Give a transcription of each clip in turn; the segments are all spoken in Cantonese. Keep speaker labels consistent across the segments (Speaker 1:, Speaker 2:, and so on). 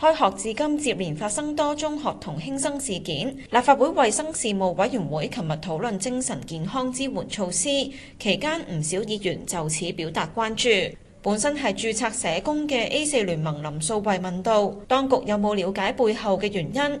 Speaker 1: 開學至今接連發生多宗學童輕生事件，立法會衞生事務委員會琴日討論精神健康支援措施，期間唔少議員就此表達關注。本身係註冊社工嘅 A4 聯盟林素蔚問道：當局有冇了解背後嘅原因？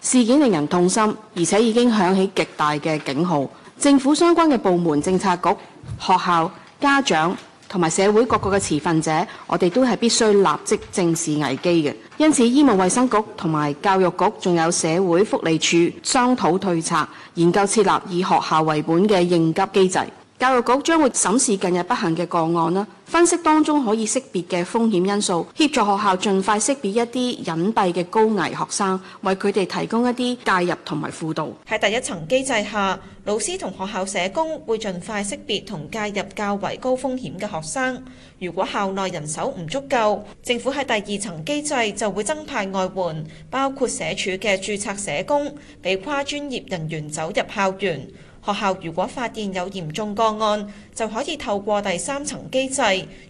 Speaker 2: 事件令人痛心，而且已經響起極大嘅警號。政府相關嘅部門、政策局、學校、家長同埋社會各個嘅持份者，我哋都係必須立即正視危機嘅。因此，醫務衛生局同埋教育局仲有社會福利署商討對策，研究設立以學校為本嘅應急機制。教育局將會審視近日不幸嘅個案啦，分析當中可以識別嘅風險因素，協助學校盡快識別一啲隱蔽嘅高危學生，為佢哋提供一啲介入同埋輔導。
Speaker 1: 喺第一層機制下，老師同學校社工會盡快識別同介入較為高風險嘅學生。如果校內人手唔足夠，政府喺第二層機制就會增派外援，包括社署嘅註冊社工，俾跨專業人員走入校園。學校如果發現有嚴重個案，就可以透過第三層機制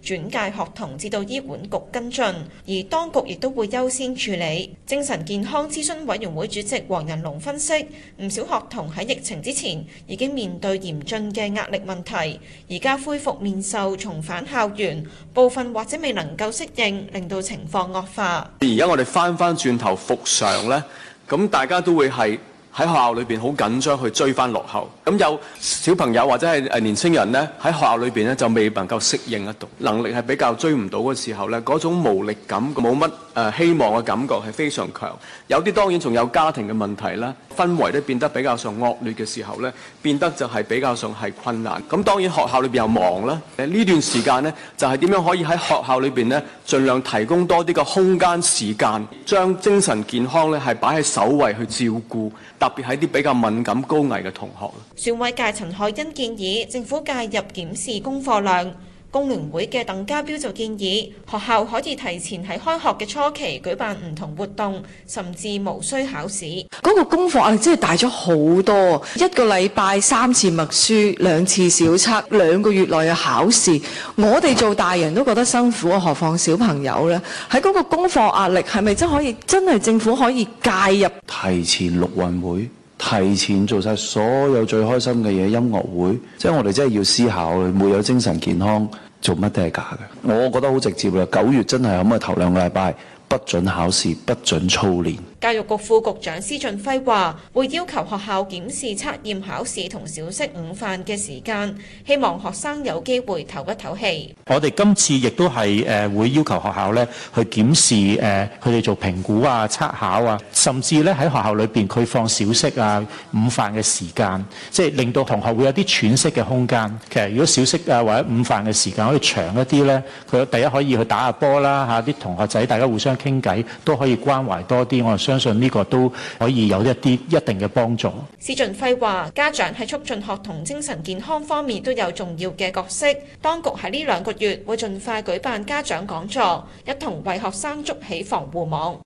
Speaker 1: 轉介學童至到醫管局跟進，而當局亦都會優先處理。精神健康諮詢委員會主席黃仁龍分析，唔少學童喺疫情之前已經面對嚴峻嘅壓力問題，而家恢復面授、重返校園，部分或者未能夠適應，令到情況惡化。
Speaker 3: 而家我哋翻翻轉頭復常呢，咁大家都會係。喺學校裏邊好緊張去追返落後，咁有小朋友或者係誒年輕人咧，喺學校裏邊咧就未能夠適應得到，能力係比較追唔到嘅時候咧，嗰種無力感、冇乜誒希望嘅感覺係非常強。有啲當然仲有家庭嘅問題啦。氛圍咧變得比較上惡劣嘅時候咧，變得就係比較上係困難。咁當然學校裏邊又忙啦。誒呢段時間呢，就係、是、點樣可以喺學校裏邊呢，儘量提供多啲嘅空間時間，將精神健康咧係擺喺首位去照顧，特別係啲比較敏感高危嘅同學啦。
Speaker 1: 選委界陳凱欣建議政府介入檢視功課量。工聯會嘅鄧家彪就建議學校可以提前喺開學嘅初期舉辦唔同活動，甚至無需考試。
Speaker 2: 嗰個功課壓力真係大咗好多，一個禮拜三次默書，兩次小測，兩個月內嘅考試，我哋做大人都覺得辛苦，何況小朋友呢？喺嗰個功課壓力係咪真可以真係政府可以介入？提前
Speaker 3: 陸運會。提前做晒所有最開心嘅嘢、音樂會，即係我哋真係要思考，冇有精神健康，做乜都係假嘅。我覺得好直接啦，九月真係咁啊，頭兩個禮拜。不准考試，不准操練。
Speaker 1: 教育局副局長施俊輝話，會要求學校檢視測驗考試同小息午飯嘅時間，希望學生有機會唞一唞氣。
Speaker 3: 我哋今次亦都係誒會要求學校咧去檢視誒佢哋做評估啊、測考啊，甚至咧喺學校裏邊佢放小息啊、午飯嘅時間，即係令到同學會有啲喘息嘅空間。其實如果小息啊或者午飯嘅時間可以長一啲咧，佢第一可以去打下波啦吓，啲同學仔大家互相。傾偈都可以關懷多啲，我相信呢個都可以有一啲一定嘅幫助。
Speaker 1: 施俊輝話：家長喺促進學童精神健康方面都有重要嘅角色。當局喺呢兩個月會盡快舉辦家長講座，一同為學生築起防護網。